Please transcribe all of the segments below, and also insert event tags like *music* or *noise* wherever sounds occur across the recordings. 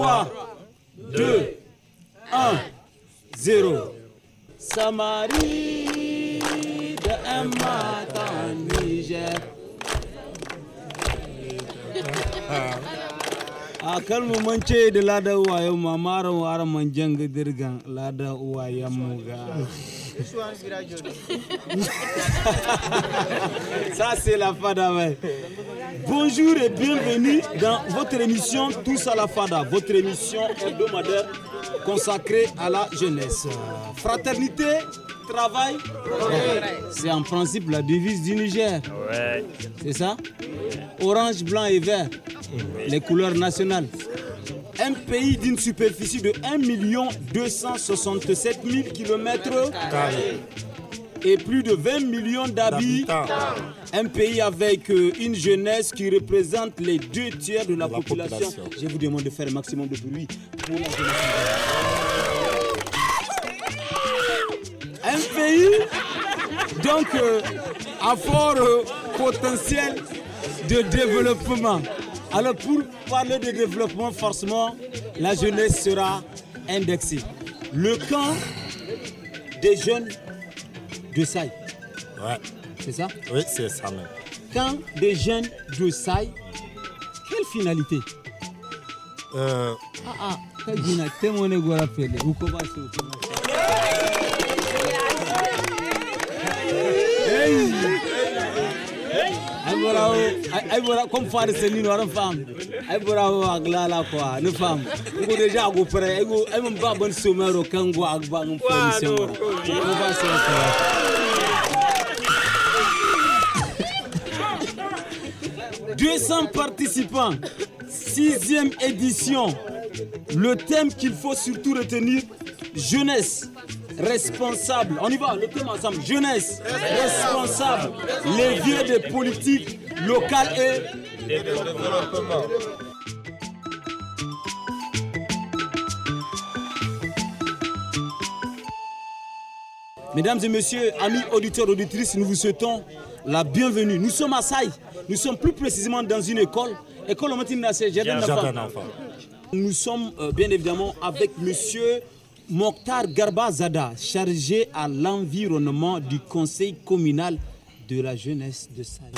3, 2, 1, 0. Samari de 'yan mata Nijar. a kalmu man ce da lada uwayen mamaran waran man jan gadirgan lada uwayen mu ga *laughs* Ça, c'est la Fada. Bonjour et bienvenue dans votre émission Tous à la Fada, votre émission hebdomadaire consacrée à la jeunesse. Fraternité, travail, c'est en principe la devise du Niger. C'est ça Orange, blanc et vert, les couleurs nationales un pays d'une superficie de 1 267 000 km et plus de 20 millions d'habitants. Un pays avec euh, une jeunesse qui représente les deux tiers de la, population. Je vous demande de faire un maximum de bruit pour Un pays donc euh, à fort euh, potentiel de développement. Alors pour parler de développement, forcément, la jeunesse sera indexée. Le camp des jeunes de Saï. Ouais. C'est ça Oui, c'est ça même. Camp des jeunes de Saï, quelle finalité euh... Ah ah, on Hey! Hey! bravo. a bɔra comme fari seni Nino fam femme. bravo. agla la quoi femme. fam ko déjà ko pere ko ay mon ba bon sommer o kan go agba ngum fam se ko 200 participants, sixième édition. Le thème qu'il faut surtout retenir, jeunesse responsable. On y va, le thème ensemble. Jeunesse responsable. Les vieux des politiques Local et, Mesdames et messieurs, amis auditeurs, auditrices, nous vous souhaitons la bienvenue. Nous sommes à Saï. Nous sommes plus précisément dans une école. École Nous sommes euh, bien évidemment avec monsieur Mokhtar Zada, chargé à l'environnement du conseil communal de la jeunesse de Saï.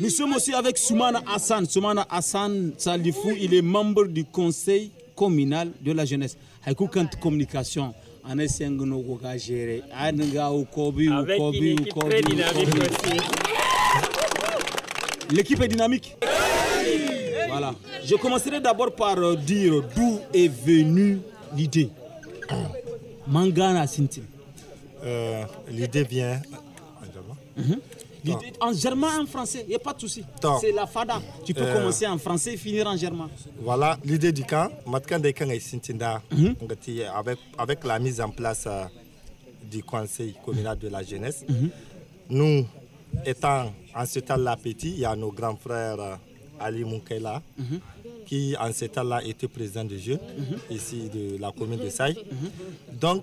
Nous sommes aussi avec Soumana Hassan. Soumana Hassan Salifou, il est membre du conseil communal de la jeunesse. Communication. Ah, avec une équipe dynamique L'équipe est dynamique. Voilà. Je commencerai d'abord par euh, dire d'où est venue l'idée. Mangana Sinti. Euh, l'idée vient en germain. En en français, il n'y a pas de souci. C'est la fada. Tu peux euh, commencer en français et finir en germain. Voilà, l'idée du camp, mhm. avec, avec la mise en place euh, du conseil communal de la jeunesse, mhm. nous, étant en ce temps-là petit, il y a nos grands frères Ali Moukela, mhm. qui en ce temps-là était président de jeunes, ici de la commune de Saï. Donc,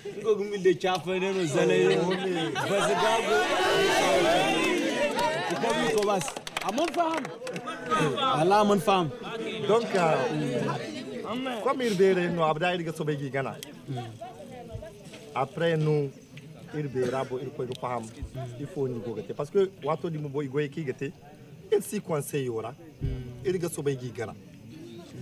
Ngo gumile chafa neno zana yo. Basi gago. Ikabi ko bas. Amon faham. a amon faham. Donc euh, comme il dere no abda il ga sobegi gana. Après nous il bera bo il ko ko faham. Il faut ni go gate parce que wato di mo boy go e ki gate. Il si conseil ora. Il ga sobegi gana.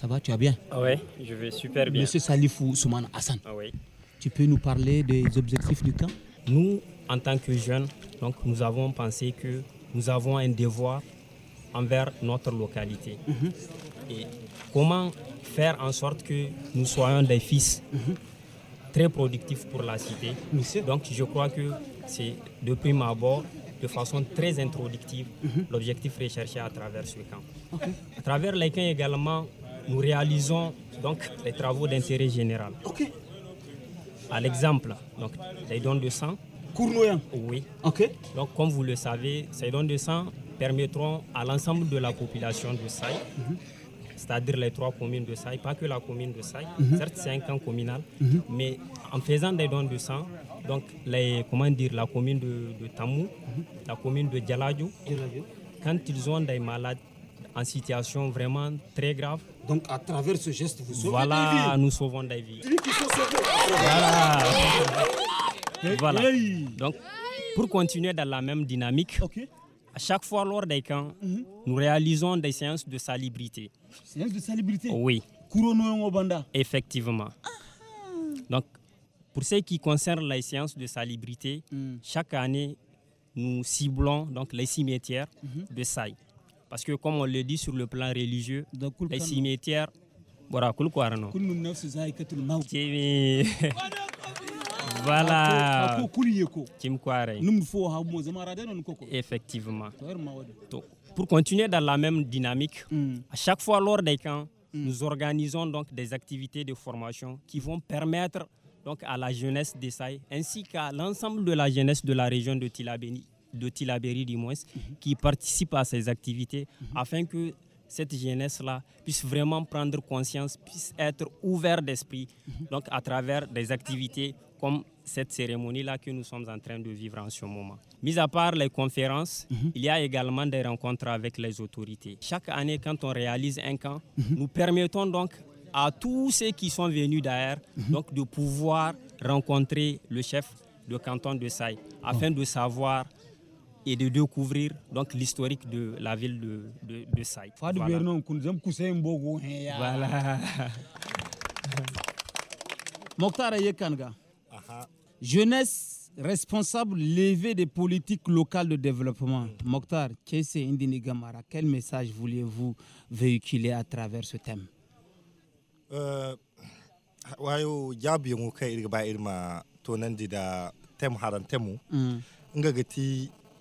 Ça va, tu vas bien ah Oui, je vais super bien. Monsieur Salifou Souman Hassan, ah tu peux nous parler des objectifs du camp Nous, en tant que jeunes, donc, nous avons pensé que nous avons un devoir envers notre localité. Mhm. Et comment faire en sorte que nous soyons des fils mhm. très productifs pour la cité. Donc je crois que c'est de prime abord, de façon très introductive, mhm. l'objectif recherché à travers ce camp. À travers les également, nous réalisons donc les travaux d'intérêt général. Ok. À l'exemple, donc les dons de sang. Cournoyant. Oui. Ok. Donc comme vous le savez, ces dons de sang permettront à l'ensemble de la population de Saï, mhm. c'est-à-dire les trois communes de Saï, pas que la commune de Saï. Mhm. Certes, c'est un camp communal, mhm. mais en faisant des dons de sang, donc les comment dire, la commune de, Tamou, la commune de djaladjou quand ils ont des malades en situation vraiment très grave, donc à travers ce geste, vous sauvez des vies. Voilà, nous sauvons des vies. Voilà. voilà. Donc pour continuer dans la même dynamique, à chaque fois lors des camps, mhm. nous réalisons des séances de salubrité. Séances de salubrité Oui. Effectivement. Ah. Donc pour ce qui concerne les séances de salubrité, mhm. chaque année, nous ciblons donc les cimetières mhm. de Saï. Parce que comme on le dit sur le plan religieux, les cimetières, *laughs* voilà, effectivement pour continuer dans la même dynamique hmm. à chaque fois lors des camps hmm. nous organisons donc des activités de formation qui vont permettre donc à la jeunesse d'Essaï ainsi qu'à l'ensemble de la jeunesse de la région de Tilabéni de Tilaberi du moins, mhm. qui participent à ces activités mhm. afin que cette jeunesse-là puisse vraiment prendre conscience, puisse être ouvert d'esprit, mhm. donc à travers des activités comme cette cérémonie-là que nous sommes en train de vivre en ce moment. Mis à part les conférences, il y a également des rencontres avec les autorités. Chaque année, quand on réalise un camp, nous permettons donc à tous ceux qui sont venus d'ailleurs donc de pouvoir rencontrer le chef de canton de Saï, afin de savoir et de découvrir donc l'historique de la ville de, de, de Saï. Voilà. Hein, voilà. *laughs* Mokhtar Yekanga, jeunesse responsable levée des politiques locales de développement. Mm. Mokhtar, quel message vouliez-vous véhiculer à travers ce thème euh, mm. nga gati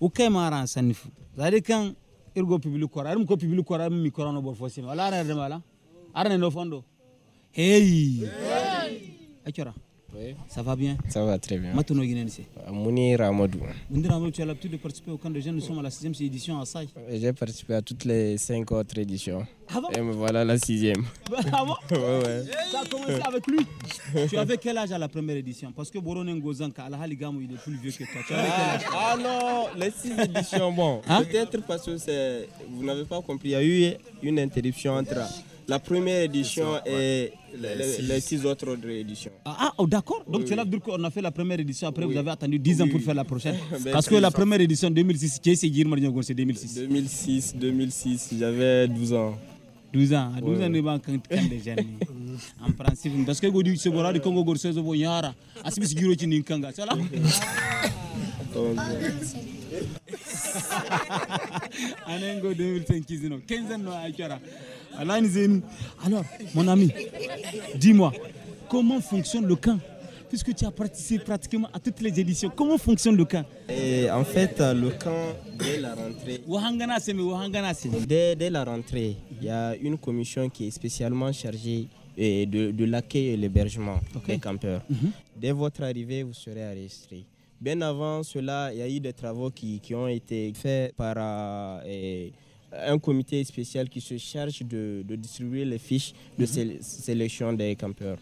u kemara sanifu zari kan irgo pibili kora arim ko pibili kora mi kora no bor fosim wala ara de mala ara ne no fondo hey achora Ça va bien Ça va très bien. Matouno Ramadou. Euh, Mounir Amadou. Mounir Amadou, tu as l'habitude de participer au camp de jeunes. Nous sommes à la 6 édition à Saï. Euh, j'ai participé à toutes les 5 autres éditions. Ah Et me voilà la 6 *laughs* Ah bon ouais, ouais. Ça a commencé avec lui Tu avais quel âge à la première édition Parce que Boron Ngozanka, il est plus vieux que toi. Ah non, les 6 éditions, bon. Hein? Peut-être parce que vous n'avez pas compris, il y a eu une interruption entre la première édition et les, six autres rééditions. éditions. Ah, ah oh, d'accord. Donc c'est là qu'on a fait la première édition, après vous avez attendu 10 ans pour faire la prochaine. *laughs* Ben, parce que la première édition 2006, qui est Guillermo c'est 2006 2006, 2006, j'avais 12 ans. 12 ans, 12 ans, nous avons *laughs* en principe. Parce que vous dites ah, que vous que vous alors mon ami dis-moi comment fonctionne le camp puisque tu as participé pratiquement à toutes les éditions comment fonctionne le camp Et en fait le camp dès la rentrée dès, la rentrée il y a une commission qui est spécialement chargée euh, de, de l'accueil et l'hébergement des campeurs. Mhm. Dès votre arrivée, vous serez enregistré. Bien avant cela, il y a eu des travaux qui, qui ont été faits par euh, eh, un comité spécial qui se charge de, de distribuer les fiches de mhm. sélection des campeurs.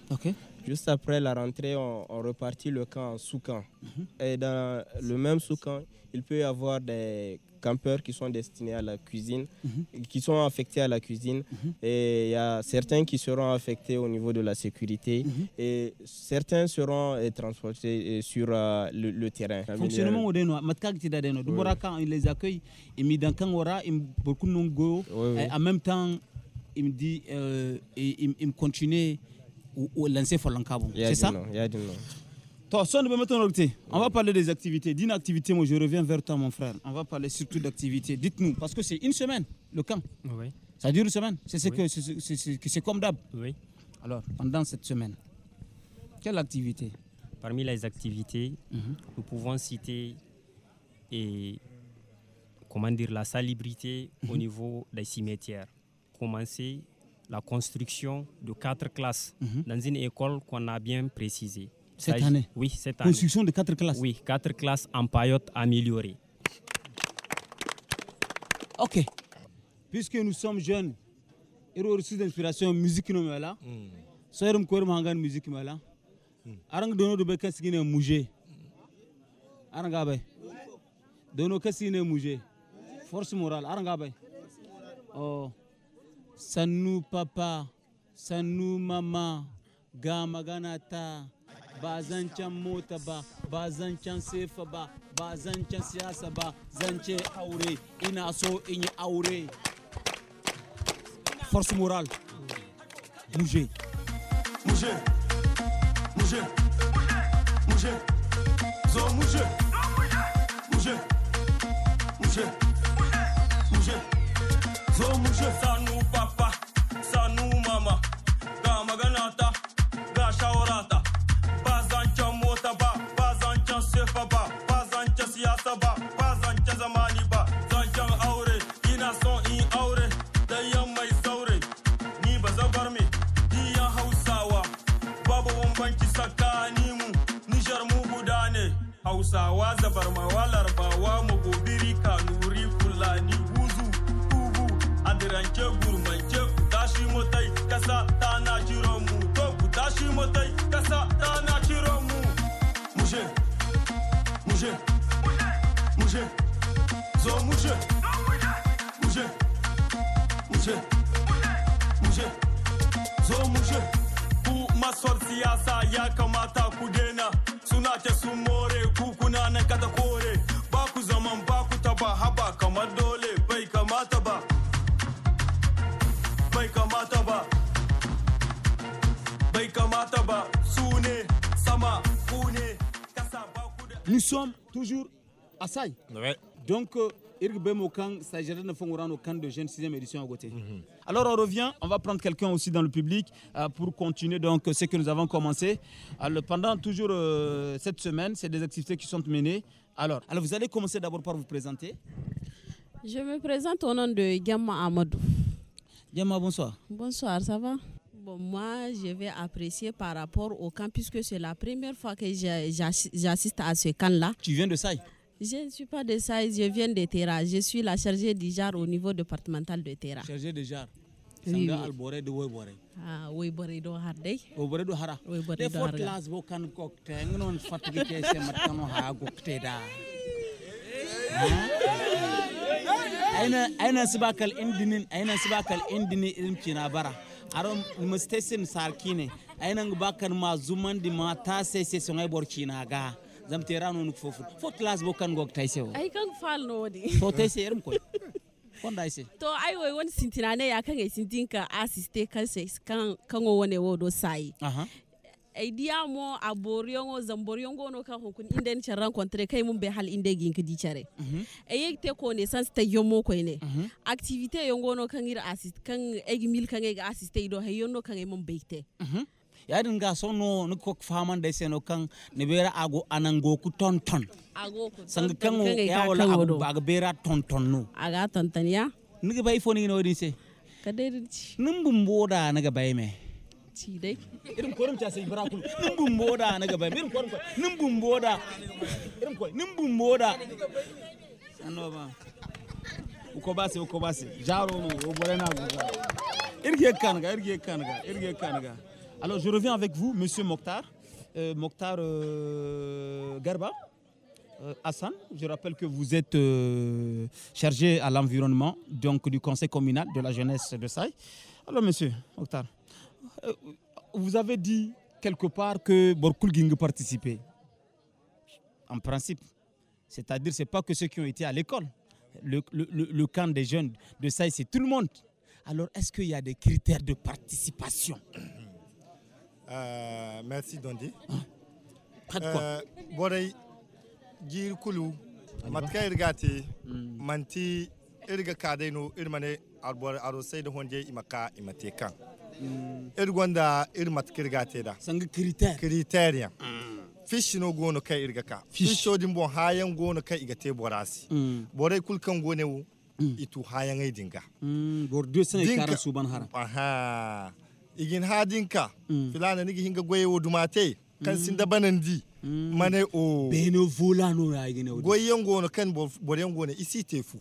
Juste après la rentrée, on, repartit le camp en sous-camp. Mhm. Et dans le même sous-camp, il peut y avoir des campeurs qui sont destinés à la cuisine, mhm. qui sont affectés à la cuisine. Mhm. Et il y a certains qui seront affectés au niveau de la sécurité. Mhm. Et certains seront euh, transportés sur euh, sur euh, le, le, terrain. Fonctionnement au Deno, quand il les accueille, il me dans Kangora, beaucoup de Nongo. En même temps, il me euh, il, ils continuent à lancer Folankabo. C'est ça? on va parler des activités. D'une activité, moi, je reviens vers toi, mon frère. On va parler surtout d'activités. Dites-nous, parce que c'est une semaine, le camp. Ça dure une semaine. C'est c'est comme d'hab. Oui. Alors, pendant cette semaine, quelle activité Parmi les activités, mhm. nous pouvons citer et comment dire la salubrité au mhm. niveau des cimetières. Commencer la construction de quatre classes mhm. dans une école qu'on a bien précisée. Cette année Oui, cette année. Construction de quatre classes Oui, quatre classes en paillote améliorée. Ok. Puisque nous sommes jeunes, et d'inspiration, musique nous là. Nous sommes la musique nous là. Hmm. Arang dono de bekas Nous avons Dono kasine Nous Force morale. Arang abe. Oh. Sanou papa. Sanou maman. Ga maganata ba zancen mota ba ba zancen sefa ba ba zancen siyasa ba zance aure ina so in yi aure force morale muje muje muje muje zo muje Nous sommes toujours à Saï. Ouais. Donc, euh, au camp de jeunes 6 édition à côté. Mhm. Alors on revient, on va prendre quelqu'un aussi dans le public euh, pour continuer donc ce que nous avons commencé. pendant toujours euh, cette semaine, c'est des activités qui sont menées. Alors, alors vous allez commencer d'abord par vous présenter. Je me présente au nom de Gamma Amadou. Gamma, bonsoir. Bonsoir, ça va Bon, moi, je vais apprécier par rapport au camp puisque c'est la première fois que j'assiste à ce camp-là. Tu viens de Saï je ne suis pas de Saï, je viens de Terra. Je suis la chargée du genre au niveau départemental de Terra. Chargée du genre oui, sanga oui. albore de woy bore ah woy bore do harde woy bore do hara woy bore do hara de class bo kan kokte ngnon fatigi ke se matano ha kokte da hein? aina aina sibakal indinin aina sibakal indini ilmkina bara aro mustesim sarkine ainang bakar ma zumandi ma ta sese songai borchina ga zam tera no nuk fofu fot las bokan gok taise o ai kan fal no di to taise erim koy kon se. to ai wai won sintina ne ya kan ai sintin ka assiste kan sai kan kan ne wo do sai Aha. diya mo a boriongo zamboriongo no ka hukun inden charan rencontre kai mun be hal inde ginki di chare e ne sans te yomo ko ne mhm. activite yongo no kan ir assist kan egi mil kan egi assist do hay yonno kan e mun mhm. beite din ga so no ni ko faman da seno kan ne bera ago anango ku tonton ago ku sang kan ya wala ago aga bera tonton no aga tonton ya ni ga bai fo ni no dinse kadai ci nimbu mboda na ga bay me ci dai irin korim ta sai bara kulu nin bumboda na gaba irin korim nin bumboda irin korim nin bumboda annoba uko basi uko basi jaro mo o borena go irge kanga irge kanga irge ga alors je reviens avec vous monsieur Mokhtar euh, Mokhtar euh, Garba euh, Hassan, je rappelle que vous êtes euh, chargé à l'environnement donc du conseil communal de la jeunesse de Saï. Alors monsieur Mokhtar, euh, vous avez dit quelque part que Borkulging participait. En principe. C'est-à-dire, ce n'est pas que ceux qui ont été à l'école. Le, camp des jeunes de ça, c'est tout le monde. Alors, est-ce qu'il y a des critères de participation euh, Merci, Dondi. Pas hein? de quoi. ir gonda ir matkirga te da sanga kriteria kriteria mm. fish no gono kai irga ka fish din bon hayan gono kai igate borasi mm. borai kulkan gone wu mm. itu hayan ai dinga bor du sene karan suban hara aha igin ha dinka filana nigi hinga goye wo dumate kan sin da di mane o beno no ya igin o goyen gono kan boren gono isi tefu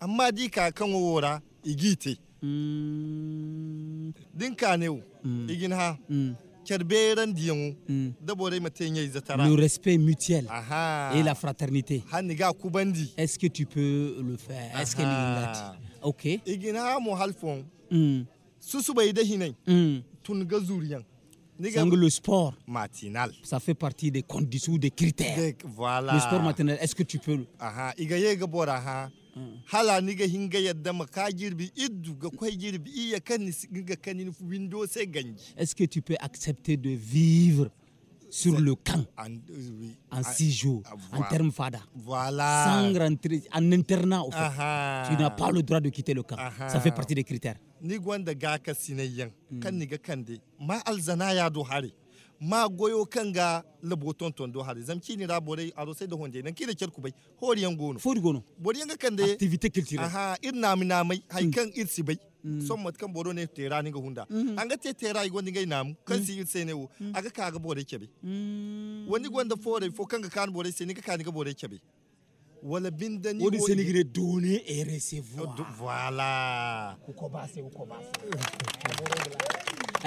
amma di ka kan wora igite Mm. dinka ne mm. igin ha mm. kerberan diyan dabo dai mate yayi zatara le respect mutuel Aha. et la fraternité hanni ga kubandi est-ce que tu peux le faire est-ce que ni ok igin ha mu halfon su su bai da hinai tun ga zuriyan Sangue le sport matinal. Ça fait partie des conditions, des critères. Voilà. Le sport matinal, est-ce que tu peux. Aha, igaye gabora ha hala niga hinga yadda makajir bi iddu ga kwai girbi iya kan ga kan window sai ganji est-ce que tu peux accepter de vivre sur le camp en, euh, oui, en ah, six jours, ah, en terme fada. Voilà. Sans rentrer en internat, au fait. Uh -huh. Tu n'as pas le droit de quitter le camp. Uh -huh. Ça fait partie des critères. Ni gwanda gaka sinayen, kan ni ga ma alzana ya do hari. ma goyo kanga labo ton ton do hare zamci ni ra borai aro sai da honde nan kida kirku bai horiyan gono fodi gono bori yanga kande activité culturelle aha irna mina mai hay mm. kan irsi bai mm. son mat kan boro ne tera ni ga hunda mm-hmm. anga te tera i gondi ngai namu kan mm. si irse sene wo aga ka ga borai kebe wani gonda fore fo kan ga kan borai sai ni ga kan ga borai kebe wala binda ni wodi senigre donner et recevoir voilà ko ko ba ko ba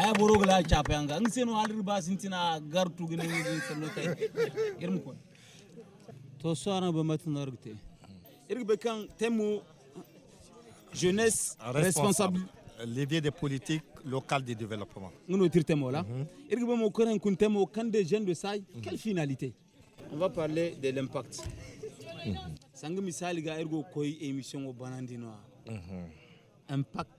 kaya eh, boro gala chapa yanga ang alri ba sintina gar tu gine ngi semno tay irm ko to so ana ba matin nargte irg be kan temu jeunesse responsable levier des politiques locales de développement ngono tir temo la mhm. irg be mo koren kun temo kan des jeunes de sai mhm. quelle finalité on va parler de l'impact mhm. sang misali ga irgo koy émission o banandino impact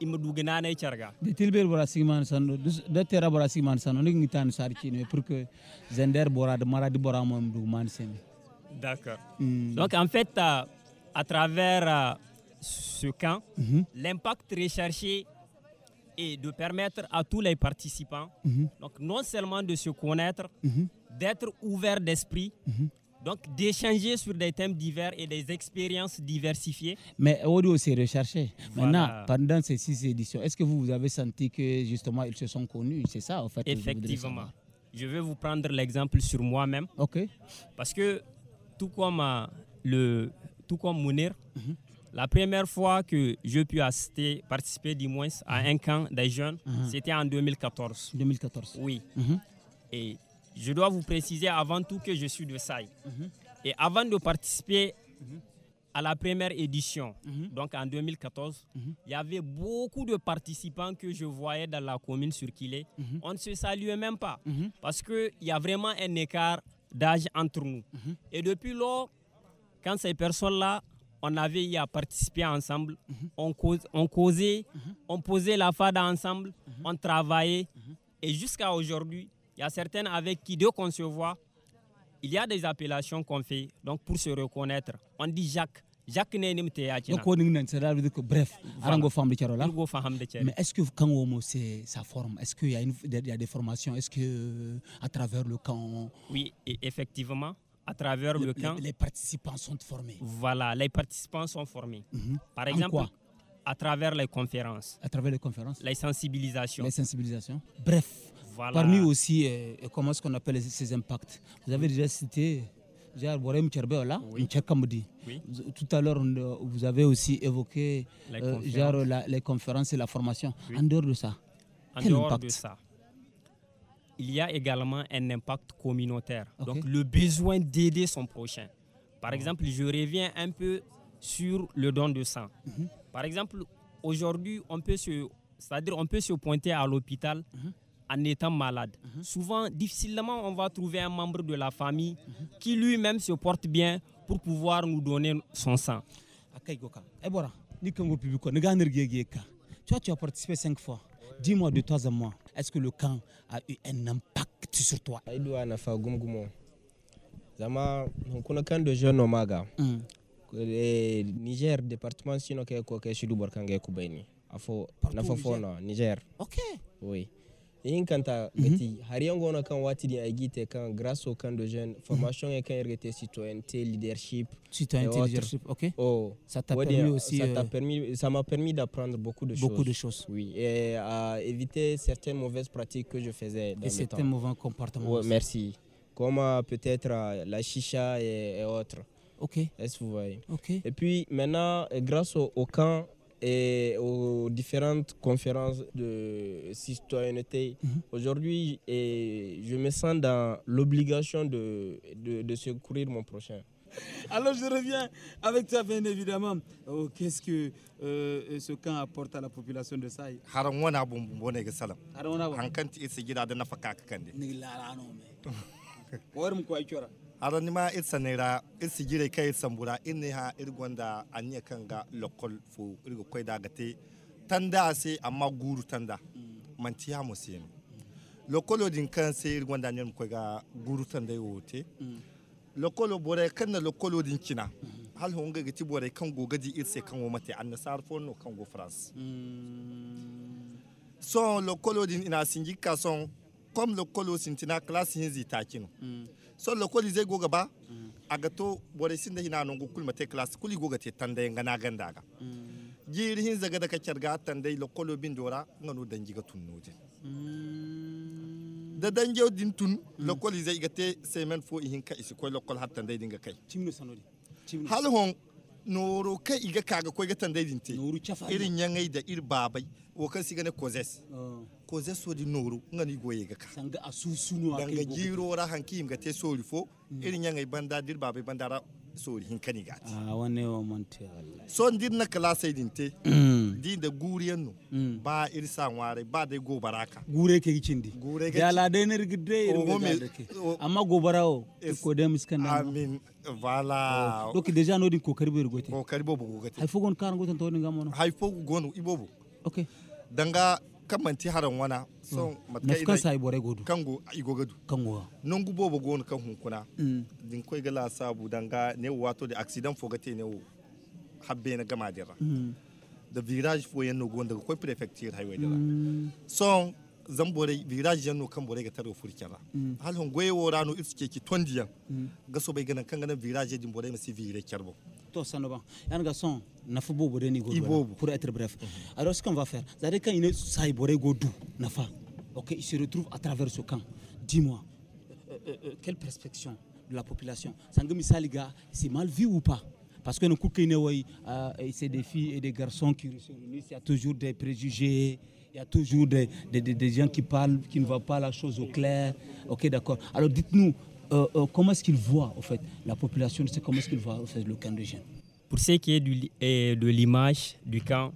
imaduganaana carga de tilbel bora sigman sando de tera bora sigman sando ni ngi tan sar ci pour zender bora de maradi bora mo dugman sen d'accord mm. donc en fait euh, à travers euh, ce camp mm -hmm. l'impact recherché est de permettre à tous les participants mm -hmm. donc non seulement de se connaître mm-hmm. d'être ouvert d'esprit mm-hmm. Donc d'échanger sur des thèmes divers et des expériences diversifiées. Mais Audio s'est recherché. Maintenant, pendant ces six éditions, est-ce que vous, vous avez senti que justement ils se sont connus C'est ça en fait Effectivement. Je, vais vous prendre l'exemple sur moi-même. Ok. Parce que tout comme euh, le, tout comme Mounir, mhm. la première fois que je puis assister, participer du moins à mhm. un camp des jeunes, mhm. c'était en 2014. 2014. Oui. Et je dois vous préciser avant tout que je suis de Saï. Mhm. Et avant de participer mhm. à la première édition, mhm. donc en 2014, il y avait beaucoup de participants que je voyais dans la commune sur est On ne se saluait même pas parce qu'il y a vraiment un écart d'âge entre nous. Et depuis lors, quand ces personnes-là, on avait y à participer ensemble, on, cause, on causait, on posait la fada ensemble, on travaillait. Et jusqu'à aujourd'hui, il y a certaines avec qui, qu'on se voit, il y a des appellations qu'on fait donc pour se reconnaître. On dit Jacques. Jacques n'est pas théâtre. Bref, mais est-ce que quand c'est sa forme Est-ce qu'il y, a des formations Est-ce qu'à euh, travers le camp. Oui, effectivement, à travers le, camp. Les, participants sont formés. Voilà, les participants sont formés. Mhm. Par exemple, à travers les conférences. À travers les conférences. Les sensibilisations. Les sensibilisations. Bref, Parmi aussi, euh, comment est-ce qu'on appelle ces impacts Vous avez déjà cité là, Tout à l'heure, euh, vous avez aussi évoqué les, euh, conférences. les conférences. et la formation. En dehors de ça, quel dehors impact? de ça, il y a également un impact communautaire. Donc, le besoin d'aider son prochain. Par exemple, je reviens un peu sur le don de sang. Mhm. Par exemple, aujourd'hui, on peut se, c'est-à-dire on peut se pointer à l'hôpital. Mhm en étant malade. Mhm. Souvent, difficilement, on va trouver un membre de la famille qui lui-même se porte bien pour pouvoir nous donner son sang. Eh, tu vois, tu as participé cinq fois. Dis-moi de toi à moi, est-ce que le camp a eu un impact sur toi Zama, un kan de jeunes omaga. Hmm. Eh, Niger département sino ke ko ke shudu de ge kubeni. Afo Niger. OK. Oui yin kanta mm-hmm. gati har wati din kan grasso kan de jeunes mm-hmm. formation et citoyenneté leadership citoyenneté leadership OK oh, ça t'a permis aussi ça t'a euh, permis ça m'a permis d'apprendre beaucoup de choses beaucoup de choses oui et à éviter certaines mauvaises pratiques que je faisais dans et certains mauvais comportements ouais, merci comme euh, peut-être euh, la chicha et, autres OK est-ce que vous voyez OK et puis maintenant grâce au camp et aux différentes conférences de citoyenneté. Mhm. Aujourd'hui, je me sens dans l'obligation de, secourir mon prochain. Alors je reviens avec toi bien évidemment. Oh, qu'est-ce que euh, ce camp apporte à la population de Saï *laughs* aranima itsanera itsigire kai sambura inni ha irgonda anya kanga lokol fu irgo koida gate tanda se amma guru tanda manti ha musim lokolo din kan se irgonda nyen koiga guru tanda yote lokolo bore kan na lokolo din kina hal honga gati bore kan gogadi irse kan wo mate annasar fonno kan go france mm. son lokolo din ina singika son comme l'école au Sintina, classe Hinzi Takino. So l'école is a go gaba, mm. agato, Borisinda Hina no kuli class, Kuligogate Tande and Ganagandaga. Mm. Jiri Hinza Gadaka Charga, Tande, Locolo Bindora, Nono mm. Da danjo din tun lokol izai gate semen fo ihinka isi koy lokol hatta dai dinga kai. Timno sanodi. Hal noro kai iga kaga ko iga tanda idinte noro fa irin yangai da ir babai wo kan sigane kozes oh. kozes wodi nuru ngani goye ga ka sanga asusuno akai ga jiro ra hanki imga te fo mm. irin yangai banda dir babai bandara sori hin kani gati a ah, wane wa monte wallahi so ndir na kala sai te mm. din da guriyan no mm. ba irsa ware ba dai gobara ka gure ke gicin di gure ke yala dai ne rigide amma gobara o ko dai miskan na amin voilà oh, donc deja no din kokari bo rigote kokari bo bo gote hay fogon karango tan to ni gamono hay fogon ibobo okay danga kan manti haran wana son mm. matkai nafka sai e bore godu kango igo godu kango non gubo bo gon kan hunkuna mm. din koy e gala sabu danga ne wato da accident fogate ne wo habbe na gama dira da mm. virage fo yanno gon daga koy prefecture highway dira son zambore viraji yanno kan bore ga taro furkera mm. hal hon goye worano iske ki tondiya mm. gaso bai gana kan ganan viraji din bore masi vire kiarbo. to sanoba yan son nafa bo bore ni go pour être bref mhm. alors ce qu'on va faire Zare quand il sai bore go nafa OK il se retrouve à travers ce camp dis-moi euh, euh, euh quelle perspective de la population sangami saliga c'est mal vu ou pas parce que nous, euh, c'est des filles et des garçons qui se réunissent, il y a toujours des préjugés, il y a toujours des, gens qui parlent, qui ne voient pas la chose au clair. Ok, d'accord. Alors dites-nous, euh, euh, comment est-ce qu'ils voient, en fait, la population, c'est comment est-ce qu'ils voient, le camp de jeunes Pour ce qui est de l'image du camp,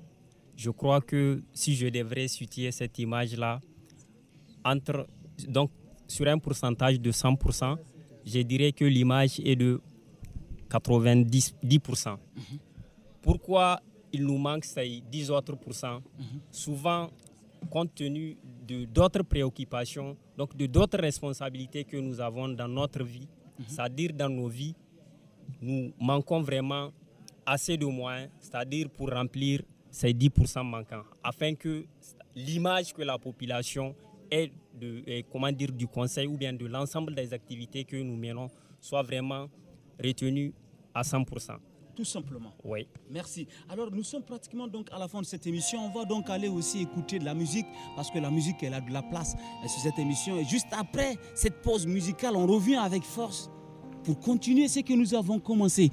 je crois que si je devrais soutenir cette image-là, entre, donc, sur un pourcentage de 100%, je dirais que l'image est de 90%. 10 mhm. Pourquoi il nous manque ces 10 autres pourcents mhm compte tenu de d'autres préoccupations, donc de d'autres responsabilités que nous avons dans notre vie, mhm. c'est-à-dire dans nos vies, nous manquons vraiment assez de moyens, c'est-à-dire pour remplir ces 10% manquants, afin que l'image que la population ait de, comment dire, du conseil ou bien de l'ensemble des activités que nous menons soit vraiment retenue à 100% simplement. Oui. Merci. Alors nous sommes pratiquement donc à la fin de cette émission. On va donc aller aussi écouter de la musique parce que la musique elle a de la place euh, sur cette émission. Et juste après cette pause musicale, on revient avec force pour continuer ce que nous avons commencé.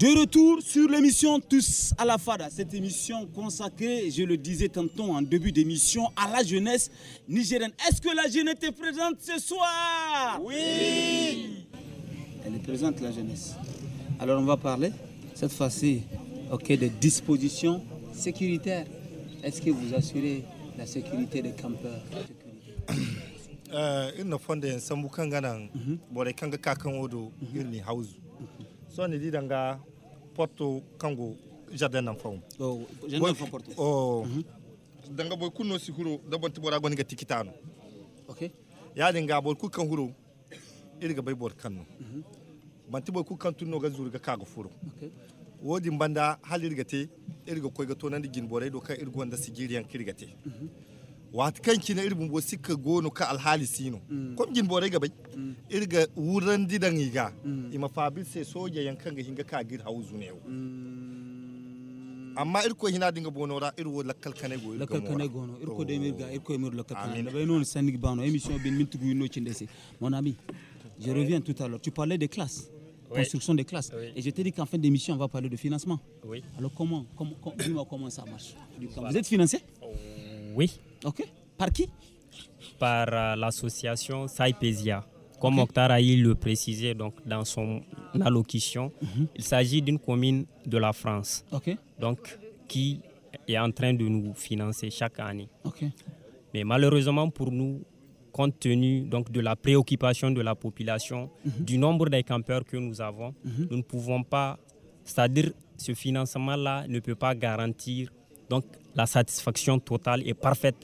De retour sur l'émission Tous à la Fada, cette émission consacrée, je le disais tantôt en début d'émission, à la jeunesse nigérienne. Est-ce que la jeunesse est présente ce soir Oui Elle est présente, la jeunesse. Alors on va parler, cette fois-ci, de des dispositions sécuritaires. Est-ce que vous assurez la sécurité des campeurs *coughs* euh, Une un danga porto kango jardin d'enfant oh jardin porto oh mhm. danga boy kunno si huro da bonti bora goni ga tikitano okay ya yaani dinga boy ku kan huro irga bai bor kanno mhm. banti boy ku kan no ga zurga kaga furo okay wodin banda halirga te irga koy ga tonan digin borai do kan sigiriyan kirga mm -hmm. wata kanki na irin bo sika gono ka alhali sino mm. kom gin bore gabai mm. irga wuran didan iga mm. ima fabil sai soja yankan ga hinga ka gir hauzu ne amma irko hina dinga bonora irwo lakkal kane go lakkal kane go no irko de mirga oh. irko mir lakkal kane bay non sanig bano emission bin mintu gu no chindese mon ami je reviens tout à l'heure tu parlais des classes construction des classes. Oui. Et je t'ai dit qu'en fin d'émission, on va parler de financement. Oui. Alors comment, comment, comment, comment ça marche Vous êtes financé oh. Oui. Ok. Par qui Par euh, l'association Saipésia. Comme okay. le précisait donc, dans son allocution, mhm. il s'agit d'une commune de la France Ok. donc, qui est en train de nous financer chaque année. Mais malheureusement pour nous, compte tenu donc de la préoccupation de la population, mhm. du nombre des campeurs que nous avons, mhm. nous ne pouvons pas, c'est-à-dire ce financement-là ne peut pas garantir donc la satisfaction totale et parfaite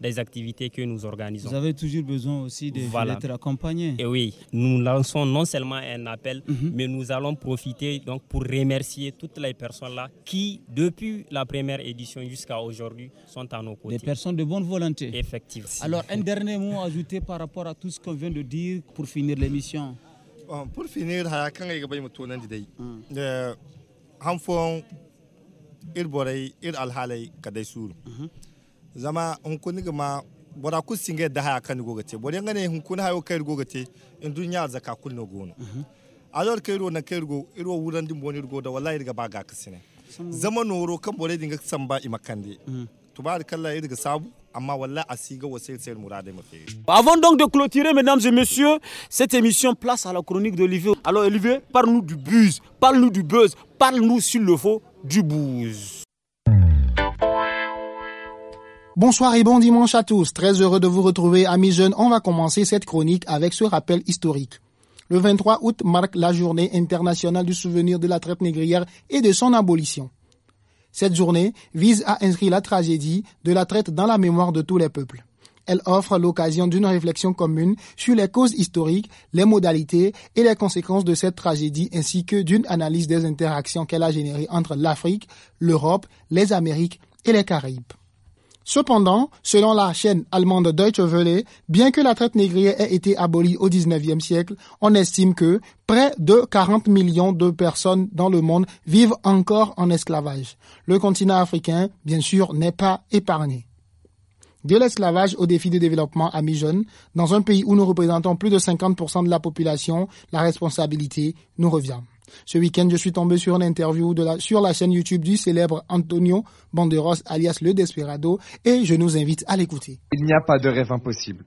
des activités que nous organisons. Vous avez toujours besoin aussi d'être accompagné. Et oui, nous lançons non seulement un appel, mhm. mais nous allons profiter donc pour remercier toutes les personnes là qui, depuis la première édition jusqu'à aujourd'hui, sont à nos côtés. Des personnes de bonne volonté. Effectivement. *laughs* Alors un dernier mot ajouté par rapport à tout ce qu'on vient de dire pour finir l'émission. pour finir, vous dire ir borai ir alhalai kadai suru mhm. zama hunkuni ma bora ku singe da haya kan gogate bora ngane hunkuni hayo kai gogate in dunya zaka kulno gono mhm. alor kai ro na kai go iro wuran din boni go da wallahi daga baga kasine zama noro kan bora dinga samba imakande mhm. tubarakallah ir ga sabu Avant donc de clôturer, mesdames et messieurs, cette émission place à la chronique d'Olivier. Alors Olivier, parle-nous du buzz, parle-nous du buzz, parle-nous s'il le faut du Bonsoir et bon dimanche à tous. Très heureux de vous retrouver, amis jeunes. On va commencer cette chronique avec ce rappel historique. Le 23 août marque la journée internationale du souvenir de la traite négrière et de son abolition. Cette journée vise à inscrire la tragédie de la traite dans la mémoire de tous les peuples. Elle offre l'occasion d'une réflexion commune sur les causes historiques, les modalités et les conséquences de cette tragédie ainsi que d'une analyse des interactions qu'elle a générées entre l'Afrique, l'Europe, les Amériques et les Caraïbes. Cependant, selon la chaîne allemande Deutsche Welle, bien que la traite négrière ait été abolie au XIXe siècle, on estime que près de 40 millions de personnes dans le monde vivent encore en esclavage. Le continent africain, bien sûr, n'est pas épargné de l'esclavage au défi de développement à mi-jeune, dans un pays où nous représentons plus de 50% de la population, la responsabilité nous revient. Ce week-end, je suis tombé sur une interview sur la chaîne YouTube du célèbre Antonio Banderos, alias Le Desperado, et je nous invite à l'écouter. Il n'y a pas de rêve impossible.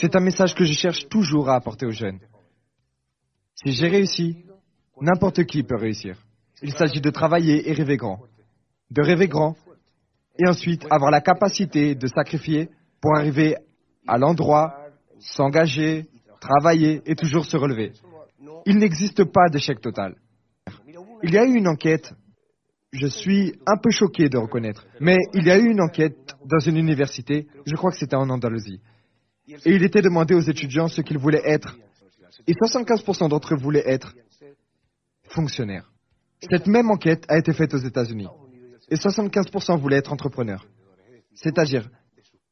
C'est un message que je cherche toujours à apporter aux jeunes. Si j'ai réussi, n'importe qui peut réussir. Il s'agit de travailler et rêver grand. De rêver grand et ensuite avoir la capacité de sacrifier pour arriver à l'endroit, s'engager, travailler et toujours se relever. Il n'existe pas d'échec total. Il y a eu une enquête, je suis un peu choqué de reconnaître, mais il y a eu une enquête dans une université, je crois que c'était en Andalousie, et il était demandé aux étudiants ce qu'ils voulaient être, et 75% d'entre eux voulaient être fonctionnaires. Cette même enquête a été faite aux États-Unis et 75% voulaient être entrepreneurs. C'est-à-dire,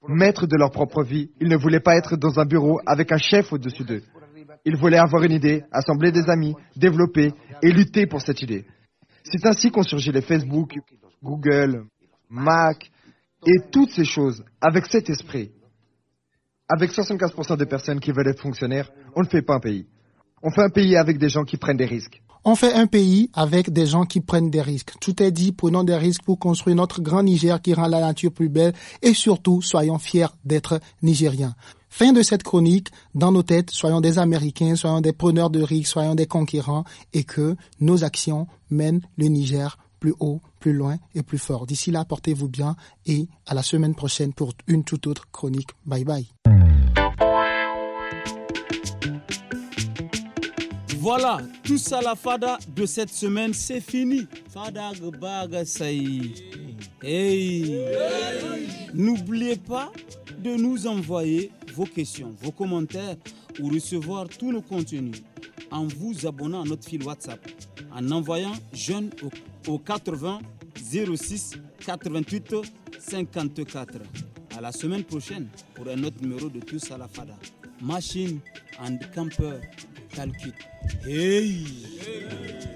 maîtres de leur propre vie, ils ne voulaient pas être dans un bureau avec un chef au-dessus d'eux. Ils voulaient avoir une idée, assembler des amis, développer et lutter pour cette idée. C'est ainsi qu'ont surgi les Facebook, Google, Mac et toutes ces choses avec cet esprit. Avec 75% des personnes qui veulent être fonctionnaires, on ne fait pas un pays. On fait un pays avec des gens qui prennent des risques. On fait un pays avec des gens qui prennent des risques. Tout est dit, prenons des risques pour construire notre grand Niger qui rend la nature plus belle et surtout soyons fiers d'être Nigériens. Fin de cette chronique, dans nos têtes, soyons des Américains, soyons des preneurs de risques, soyons des conquérants et que nos actions mènent le Niger plus haut, plus loin et plus fort. D'ici là, portez-vous bien et à la semaine prochaine pour une toute autre chronique. Bye bye. Voilà, tout ça la fada de cette semaine, c'est fini. Fada Gbagasai. Hey. N'oubliez pas de nous envoyer vos questions, vos commentaires ou recevoir tous nos contenus en vous abonnant à notre fil WhatsApp, en envoyant jeune au, 80 06 88 54. À la semaine prochaine pour un autre numéro de tout à la Fada. Machine and Camper. Thank you. Hey. hey.